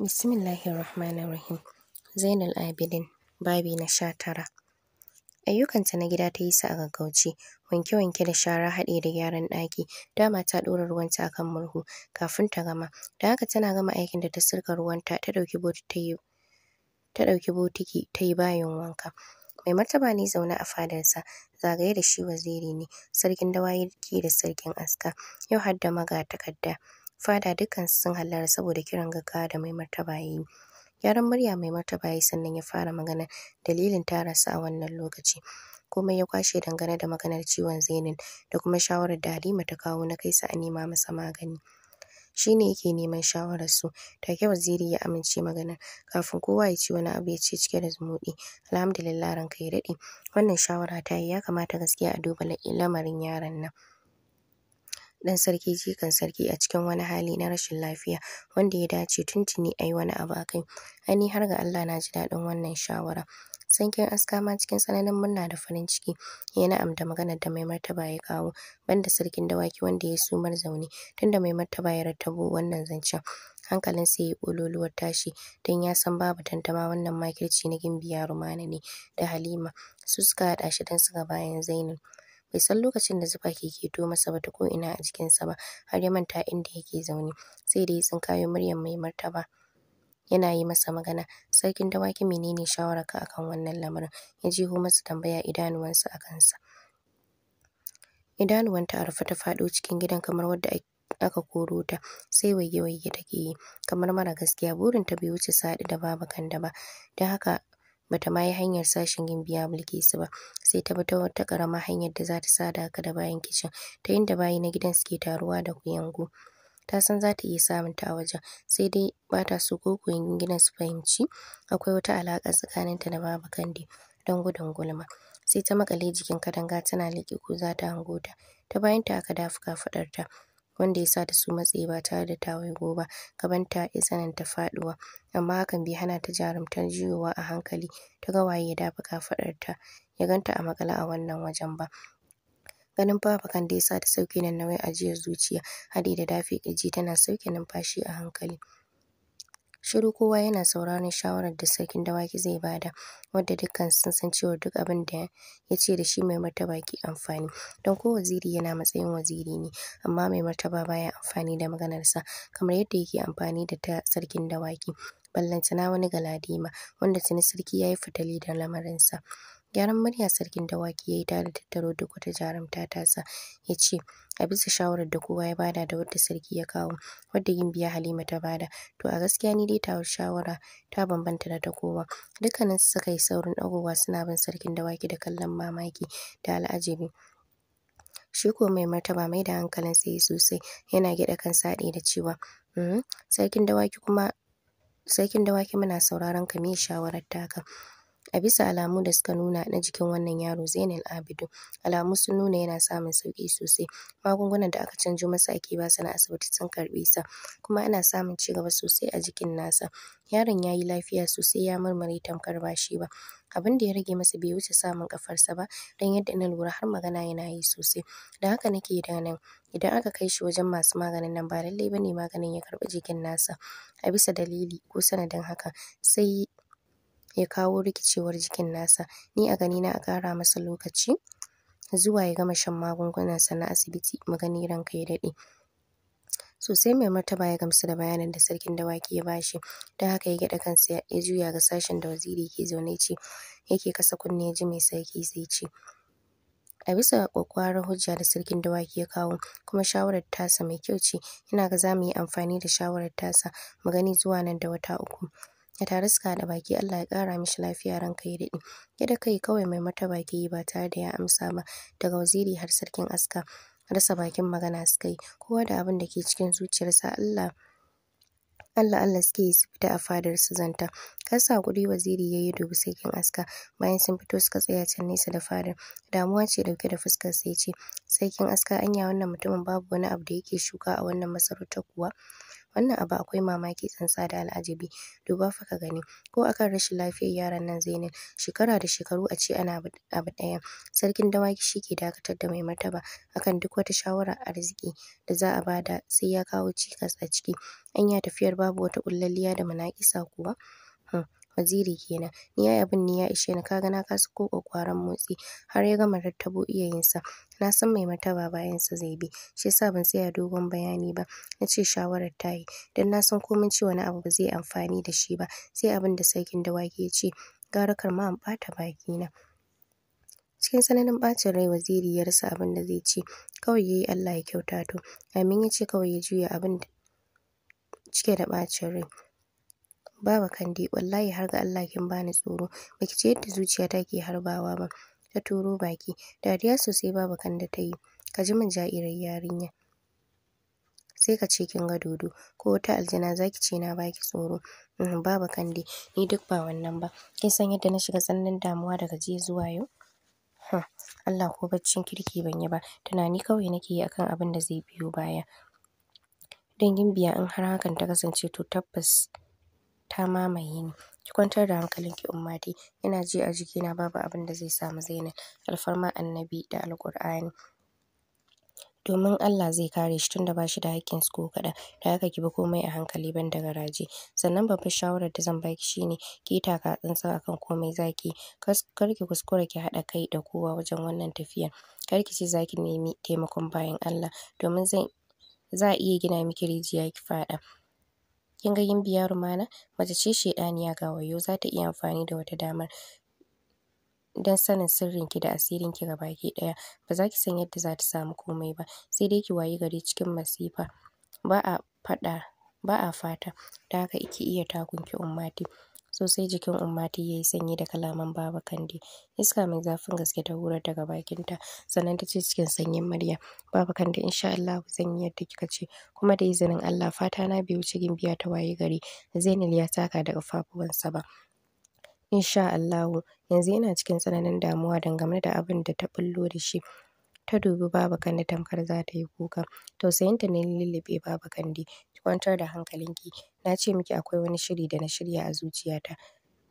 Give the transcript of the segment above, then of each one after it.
Bismillahirrahmanirrahim. Zainal Abidin, babi na sha tara. Ayyukanta na gida ta yi sa a gaggauce, wanke-wanke da shara haɗe da gyaran ɗaki, dama ta ɗora ruwan a kan murhu kafin ta gama, da haka tana gama aikin da ta sirka ruwanta ta ɗauki bokiti ta ɗauki botiki ta yi bayin wanka. Mai martaba ne zaune a fadarsa, zagaye da shi waziri ne, sarkin dawaki da sarkin aska, yau har da magatakarda. fada dukansu sun hallara saboda kiran gaggawa da mai martaba yi. Gyaran murya mai martaba yi sannan ya fara magana dalilin tarasa rasu a wannan lokaci. Komai ya kwashe dangane da maganar ciwon Zainab da kuma shawarar da Halima ta kawo na kai su a nema masa magani. Shi ne yake neman shawarar shawararsu, take waziri ya amince maganar kafin kowa ya ci wani abu ya ce cike da zumuɗi, alhamdulillah ranka ya daɗe, wannan shawara ta yi ya kamata gaskiya a duba lamarin yaron nan. Dan sarki jikan sarki a cikin wani hali na rashin lafiya wanda ya dace tuntuni a yi wani abu a kai ani har ga Allah na ji daɗin wannan shawara sankin aska ma cikin tsananin murna da farin ciki Yana eh, na'am da maganar da mai martaba ya kawo banda sarkin dawaki wanda ya sumar zaune tunda mai martaba ya rattabo wannan zancen hankalin sai ya ƙololuwar tashi Dan ya san babu tantama wannan makirci na gimbiya rumana ne da halima su suka haɗa shi don su ga bayan zainab bai san lokacin da zufa ke keto masa ba ta ko ina a jikinsa ba har ya manta inda yake zaune sai da ya tsinkayo muryar mai martaba yana yi masa magana sarkin dawaki menene shawararka akan wannan lamarin ya jiho masa tambaya idanuwansa a kansa Idanuwan ta rufe ta fado cikin gidan kamar wadda aka koro ta sai waye-waye take yi kamar mara gaskiya burin ta bai wuce su da babakan da ba don haka bata ma yi hanyar sashin gimbiya Bilkisu ba sai ta bi ta wata karama hanyar da za ta sa ka da bayan kicin ta inda bayi na gidan suke taruwa da kuyangu. ta san za ta iya samun ta a wajen sai dai ba ta so ko koyin gidan su fahimci akwai wata alaƙa ta da Baba Kande don gudun gulma sai ta makale jikin kadanga tana liƙe ko za ta hango ta ta bayan ta aka dafa kafaɗarta wanda ya sa ta su matse ba tare da ta waigo ba gaban gabanta ya tsananta faduwa amma hakan bai hana ta jarumtar juyowa a hankali ta ga waye ya dafa kafadarta ya ganta a makala a wannan wajen ba ganin fafakan da ya sa ta sauke nan nauyin ajiyar zuciya haɗi da dafe kirji tana sauke numfashi a hankali Shiru kowa yana sauraron shawarar da sarkin dawaki zai bada wanda dukkan sun san cewa duk abin da ya ce da shi mai martaba ke amfani. Don ko waziri yana matsayin waziri ne amma mai martaba baya amfani da maganarsa kamar yadda yake amfani da ta sarkin dawaki. Ballantana wani galadima wanda tuni sarki ya yi fitali da lamarinsa. Gyaran murya sarkin dawaki ya yi tare tattaro duk wata jarumta ta sa ya ce, a bisa shawarar da kowa ya bada da wadda sarki ya kawo, wadda biya Halima ta bada, to a gaskiya ni dai ta shawara ta bambanta da ta kowa. su suka yi saurin ɗagowa suna bin sarkin dawaki da kallon mamaki da al'ajabi. Shi ko mai martaba mai da hankalin sai sosai yana gyaɗa kan saɗi da cewa, mm-hmm, sarkin dawaki kuma sarkin dawaki muna sauraron ka mai shawarar taka. a bisa alamu da suka nuna na jikin wannan yaro Zainal abidu alamu sun nuna yana samun sauki sosai magungunan da aka canjo masa ake basa na asibiti sun karbe sa kuma ana samun ci gaba sosai a jikin nasa yaron ya yi lafiya sosai ya murmure tamkar ba shi ba abin da ya rage masa bai wuce samun kafarsa ba don yadda na lura har magana yana yi sosai da haka nake da nan idan aka kai shi wajen masu maganin nan ba lallai ba ne maganin ya karbi jikin nasa a bisa dalili ko sanadin haka sai ya kawo rikicewar jikin nasa ni a gani na a kara masa lokaci zuwa ya gama shan magungunansa na asibiti magani gani ranka ya daɗe sosai mai martaba ya gamsu da bayanin da sarkin dawaki ya bashi don haka ya gyaɗa kansa ya juya ga sashen da waziri ke zaune ce yake kasa kunne ya ji mai sarki sai ce a bisa kwakwaran hujja da sarkin dawaki ya kawo kuma shawarar tasa mai kyau ce ina ga za mu yi amfani da shawarar tasa magani zuwa nan da wata uku ya tare suka da baki Allah ya kara mishi lafiya ranka ya daɗe ya da kai kawai mai mata baki ba tare da ya amsa ba daga waziri har sarkin aska rasa bakin magana suka kowa da abin da ke cikin zuciyarsa Allah Allah Allah suke yi su fita a fadar su zanta kasa kuɗi waziri ya yi dubi sakin aska bayan sun fito suka tsaya can nesa da fadar damuwa ce dauke da fuskar sai yace sakin aska anya wannan mutumin babu wani abu da yake shuka a wannan masarautar kuwa wannan abu akwai mamaki tsantsa da al'ajabi duba fa ka gani ko akan rashin lafiyar yaran nan Zainab shekara da shekaru a ce ana abu ɗaya sarkin dawaki shi ke dakatar da mai martaba akan duk wata shawarar arziki da za a bada sai ya kawo cikas a ciki anya tafiyar ba. babu wata ƙullaliya da munaƙisa kuwa? Hm, waziri kenan. Ni yayi abin ni ya ishe ni, kaga na kasa ko ƙwaƙwaran motsi. Har ya gama rattabo iyayensa. Na san mai bayan bayansa zai bi, shi yasa ban tsaya dogon bayani ba. Na ce shawarar ta yi, don na san komai cewa ci wani abu ba zai amfani da shi ba, sai abin da sarkin dawaki ya ce, gara kar ma in ɓata bakina. cikin tsananin bacin rai waziri ya rasa abin da zai ce kawai yayi Allah ya kyauta to amin ya ce kawai ya juya abin cike da ɓacin rai Baba Kande wallahi har ga Allah kin bani tsoro baki ce yadda zuciyata ke harbawa ba ta turo baki dariya sosai Baba Kande ta yi ka ji min ja'irar yarinya sai ka ce kin ga dodo ko wata aljana zaki ce na baki tsoro mm, Baba Kande ni duk ba wannan ba kin san yadda na shiga tsananin damuwa daga jiya zuwa yau Allah ko baccin kirki ban yi ba tunani kawai nake yi akan abin da zai biyo baya Don biya in har hakan ta kasance to tabbas ta mamaye ni. Ki kwantar da hankalin umma Ummati, ina ji a jiki jikina babu abin da zai samu Zainab. Alfarma Annabi da Alqur'ani. Domin Allah zai kare shi tunda ba shi da su ko kaɗan. da haka ki bi komai a hankali ban da garaje. Sannan babbar shawarar da zan baki shine ki yi taka tsantsan akan komai za ki Kar ki kuskura ki haɗa kai da kowa wajen wannan tafiyar. Kar ki ce za ki nemi taimakon bayin Allah domin zan Za a iya gina miki rijiya ki faɗa kin ga gimbiya Rumana mace ce shedaniya ga wayo zata iya amfani da wata damar dan sanin sirrin ki da asirin ki baki ɗaya Ba za ki san yadda za ta samu komai ba sai dai ki wayi gari cikin masifa ba'a faɗa ba'a fata Da haka ki iya takunki, ki Ummati sosai jikin Ummati yayi sanyi da kalaman Baba Kande. Iska mai zafin gaske ta hurar daga bakinta sannan ta ce cikin sanyin murya, "Baba Kande insha Allah zan yi yadda kika ce kuma da izinin Allah fata na biyu wuce biya ta waye gari." Zainul ya taka da ƙafafuwansa ba. Insha Allah yanzu ina cikin tsananin damuwa dangane da abin da ta bullo da shi. ta dubi Baba Kande tamkar za ta yi kuka. Tausayinta ne lullube Baba Kande. kwantar da hankalinki, na ce miki akwai wani shiri da na shirya a zuciyata.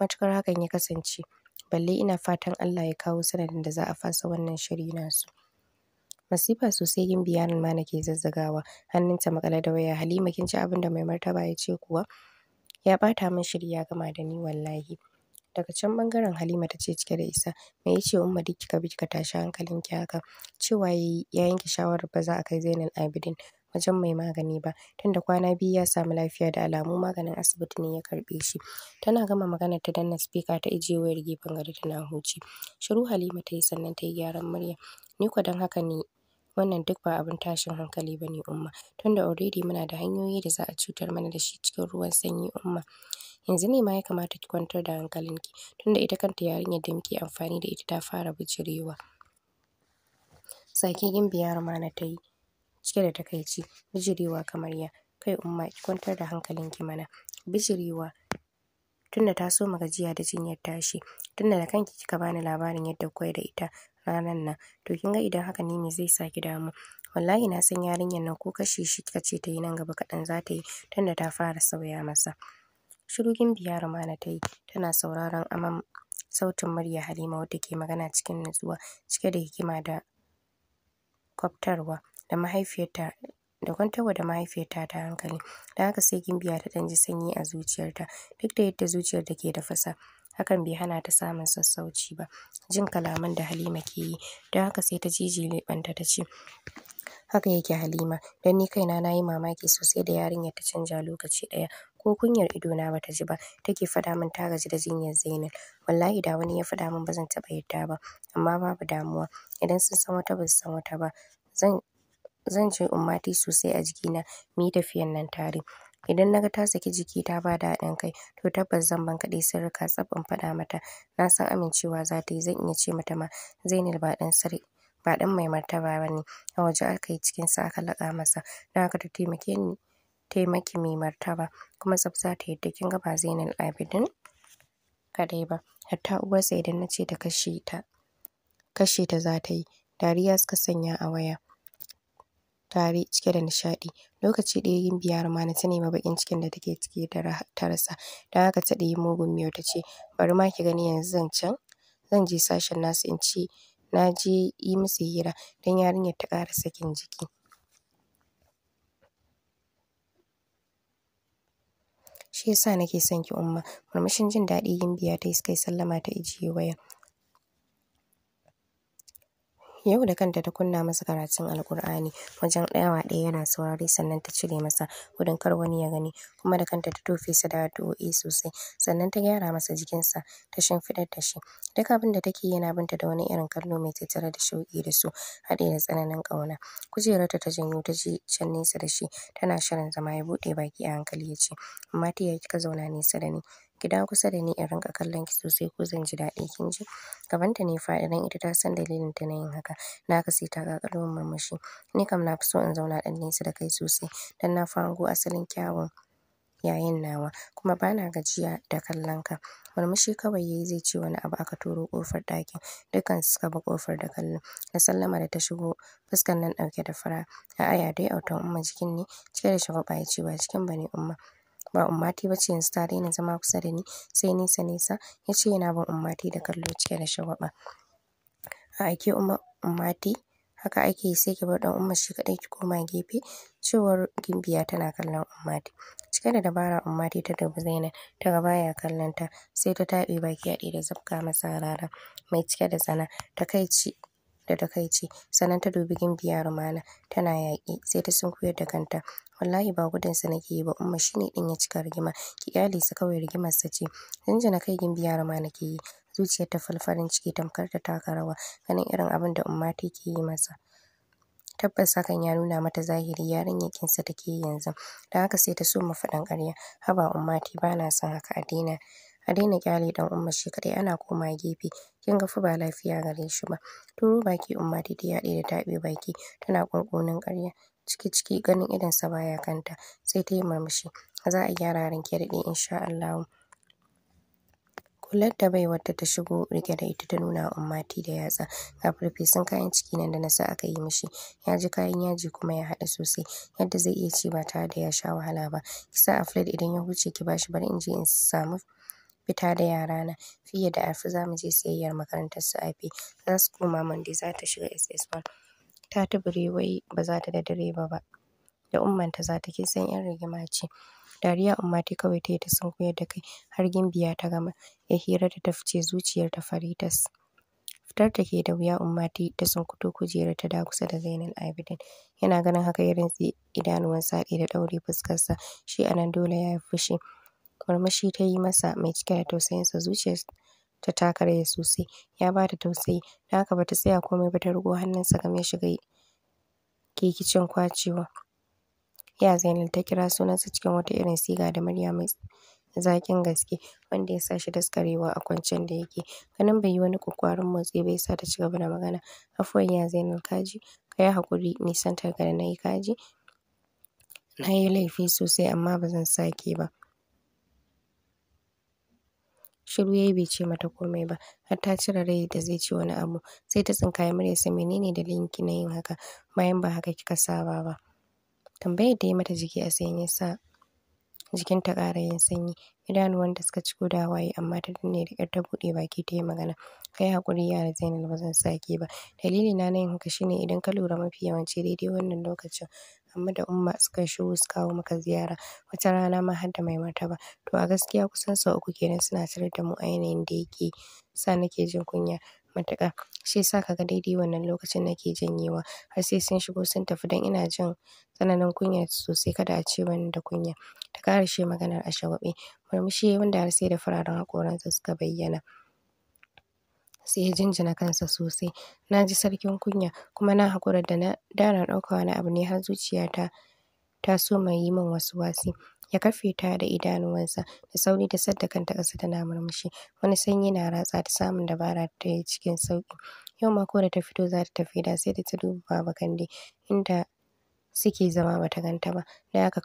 Matukar hakan ya kasance, balle ina fatan Allah ya kawo sanadin da za a fasa wannan shiri su. Masifa sosai yin ma na ke zazzagawa, Hannun ta maƙale da waya. Halima kin ci abin da mai martaba ya ce kuwa? Ya ɓata min shiri ya gama da ni wallahi. Daga can ɓangaren Halima ta ce cike da isa, me ya ce Umma duk kika bi kika tashi hankalinki haka? Cewa ya ya yanke shawarar ba za a kai Zainal Abidin wajen mai magani ba tunda kwana biyu ya samu lafiya da alamu maganin asibiti ne ya karɓe shi. Tana gama maganar ta danna sifika ta ajiye wayar gefen gado tana huci. Shiru Halima ta yi sannan ta yi gyaran murya. Ni ko don haka ne wannan duk ba abin tashin hankali ba ne Umma tunda already muna da hanyoyi da za a cutar mana da shi cikin ruwan sanyi Umma. Yanzu ne ma ya kamata ki kwantar da hankalinki tunda ita kanta yarinyar da muke amfani da ita ta fara bijirewa. Tsaki Gimbiya na ta yi. cike da takaici bijirewa kamar ya kai umma ki kwantar da hankalin ki mana bijirewa tunda ta so soma gajiya da jinyar tashi tunda da kanki kika bani labarin yadda kwai da ita ranan nan to kin ga idan haka ne me zai sa ki damu wallahi na san yarinyar nan ko kashe shi kika ce ta yi nan gaba kaɗan za ta yi tunda ta fara sauya masa shiru biyar rumana ta yi tana sauraron aman sautin murya halima wadda ke magana cikin natsuwa cike da hikima da kwaftarwa da mahaifiyarta da kwantarwa da mahaifiyarta ta hankali. Da haka sai Gimbiya ta ɗan ji sanyi a zuciyarta duk da yadda zuciyar zuciyarta ke da fasa. Hakan bai hana ta samun sassauci ba. Jin kalaman da Halima ke yi don haka sai ta cije leɓenta ta ce haka yake Halima don ni kaina na yi mamaki sosai da yarinyar ta canja lokaci ɗaya ko kunyar ido na bata ji ba take faɗa min ta gaji da jinyar Zainab wallahi da wani ya faɗa min ba zan taɓa yadda ba amma babu damuwa idan sun san wata ba san wata ba zan zan je ummati sosai a jikina muyi tafiyan nan tare idan naga ta saki jiki ta bada haɗin kai to tabbas zan bankaɗe sirrika tsaf in faɗa mata na san amincewa za ta yi zan iya ce mata ma Zainab ba ɗan ba ɗan mai martaba ba ne. a waje aka yi cikin sa aka laƙa masa don haka ta taimake ni taimaki mai martaba kuma tsaf ta yadda kin ga ba Zainal Abidin kaɗai ba hatta uwarsa idan nace ta kashe ta kashe ta ta yi dariya suka sanya a waya tare cike da nishaɗi. Lokaci ɗaya Gimbiya na ta nema baƙin cikin da take ciki ta rasa, don haka ta yi mugun miyau ta ce, bari ma ki gani yanzu zan can, zan je sashen nasu in ce na je yi musu hira, don yarinyar ta ƙara sakin jiki. Shi ya nake son ki Umma, murmushin jin daɗi yin Gimbiya ta yi suka yi sallama ta ajiye wayar. yau da kanta ta kunna masa karatun alkur'ani wajen ɗayawa ɗaya yana saurari sannan ta cire masa gudun kar wani ya gani kuma da kanta ta tofe sa da addu'o'i sosai sannan ta gyara masa jikinsa ta shimfiɗar da shi duk abin da take yana binta da wani irin kallo mai tattare da shauƙi da su haɗe da tsananin ƙauna kujerarta ta janyo ta ji can nesa da shi tana shirin zama ya buɗe baki a hankali ya ce amma ta yi kika zauna nesa da ni Gidan kusa da ni in rinka kallon ki sosai ko zan ji daɗi kin ji gabanta ne faɗi dan ita ta san dalilin ta na yin haka na haka sai ta ƙaƙalo murmushi ni kam na fi so in zauna ɗan nesa da kai sosai dan na fi hango asalin kyawun yayin nawa kuma bana gajiya da kallon ka murmushi kawai yayi zai ce wani abu aka turo kofar ɗakin dukkan su suka bi kofar da kallo da sallama da ta shigo fuskar nan ɗauke da fara A'a ya dai autan umma jikin ne cike da shagwaba ya ce ba jikin bane umma ba ummati ce yanzu ta daina zama kusa da ni sai nesa nesa yace yana bin ummati da kallo cike da shagwaba a aike ummati haka ake sai ki bar dan umma shi kadai ki koma gefe cewar gimbiya tana kallon ummati cike da dabara ummati ta dubi zainab ta ga baya kallon sai ta tabe baki haɗe da zabka masa mai cike da tsana ta takaici da takaici sannan ta dubi gimbiya rumana tana yaƙi sai ta sunkuyar da kanta wallahi ba gudun sa nake yi ba umma shine din ya cika rigima ki kyale sa kawai rigimar sa ce na kai gimbiya rumana ke yi zuciyar ta falfarin ciki tamkar ta taka rawa ganin irin abin da umma take yi masa tabbas hakan ya nuna mata zahiri yarinyar kinsa take yanzu da haka sai ta so faɗan ƙarya haba ummati bana son haka a daina a daina kyale dan umma shi kadai ana koma gefe kin ga fa ba lafiya gare shi ba turo baki umma ta ta yaɗe da taɓe baki tana kunkunin ƙarya ciki ciki ganin idan sa baya kanta sai ta yi murmushi za a gyara ranki daɗe insha Allahu kullar da wata ta shigo rike da ita ta nuna ummati da yatsa ga sun kayan ciki nan da nasa aka yi mishi ya ji kayan yaji kuma ya haɗa sosai yadda zai iya ci ba tare da ya sha wahala ba kisa a plate idan ya huce ki bashi bari in je in samu fita da yarana. Fiye da arfi zamu je siyayyar makarantar su Afi. Za su koma Monday za ta shiga SS1. Ta tubure wai ba za ta da direba ba. Da ta za ta ke san 'yan rigima ce. Dariya umma tai kawai tayi ta sunkuyar da kai har gimbiya ta gama. Ya hira ta fice zuciyar ta fari tas. Fitar da ke da wuya umma tayi ta sunkuto kujerar ta dawo kusa da zainan Abidin. Yana ganin haka ya rintse idanuwansa haɗe da ɗaure fuskarsa. Shi anan dole ya yi fushi. Murmushi ta yi masa mai cike da tausayinsa zuciyar ta taka ya sosai. Ya ba ta tausayi, da haka bata tsaya komai ba ta rugo hannunsa game ya shiga kikicin kwacewa. Ya Zainab ta kira sunansa cikin wata irin siga da murya mai zaƙin gaske wanda ya sa shi daskarewa a kwancen da yake. Ganin bai yi wani ƙwaƙƙwaran motsi ba ya sa ta ci da magana. "Afuwan ya Zainab kaji? ka yi haƙuri nisantar ka da na yi kaji? Na yi laifi sosai amma ba zan sake ba. Shiru ya yi bai ce mata komai ba, har ta cire rai da zai ce wani abu. Sai ta tsinkaye sai menene dalilin ki na yin haka bayan ba haka kika saba ba. Tambayar da ya mata jiki a sanye sa jikinta ƙara yin sanyi. idanuwanta suka ci da hawaye amma ta danne da ƙyar ta buɗe baki yi magana kai haƙuri yara Zainab zan sake ba dalili na yin haka shine idan ka lura mafi yawanci daidai wannan lokacin Amma da Umma suka shigo su kawo maka ziyara wata rana ma har da mai martaba to a gaskiya kusan sau uku kenan suna tarar da mu a yanayin da yake sa nake jin kunya matuƙa shi yasa kaga daidai wannan lokacin nake janyewa har sai sun shigo sun tafi dan ina jin tsananin kunya sosai kada a ce wani da kunya ta ƙarashe maganar a shagwaɓe murmushi yayi wanda har sai da fararen haƙoransa suka bayyana sai ya jinjina kansa sosai na ji sarkin kunya kuma na haƙura da na da na ɗauka wani abu ne har zuciyata ta so mai yi min wasu wasi ya karfe ta da idanuwansa da sauri da sadda kanta ƙasa tana murmushi wani sanyi na ratsa ta samun dabara ta yi cikin sauƙi yau ma ko da ta fito za ta tafi da sai da ta duba Baba Kande inda suke zama ba bata ganta ba da haka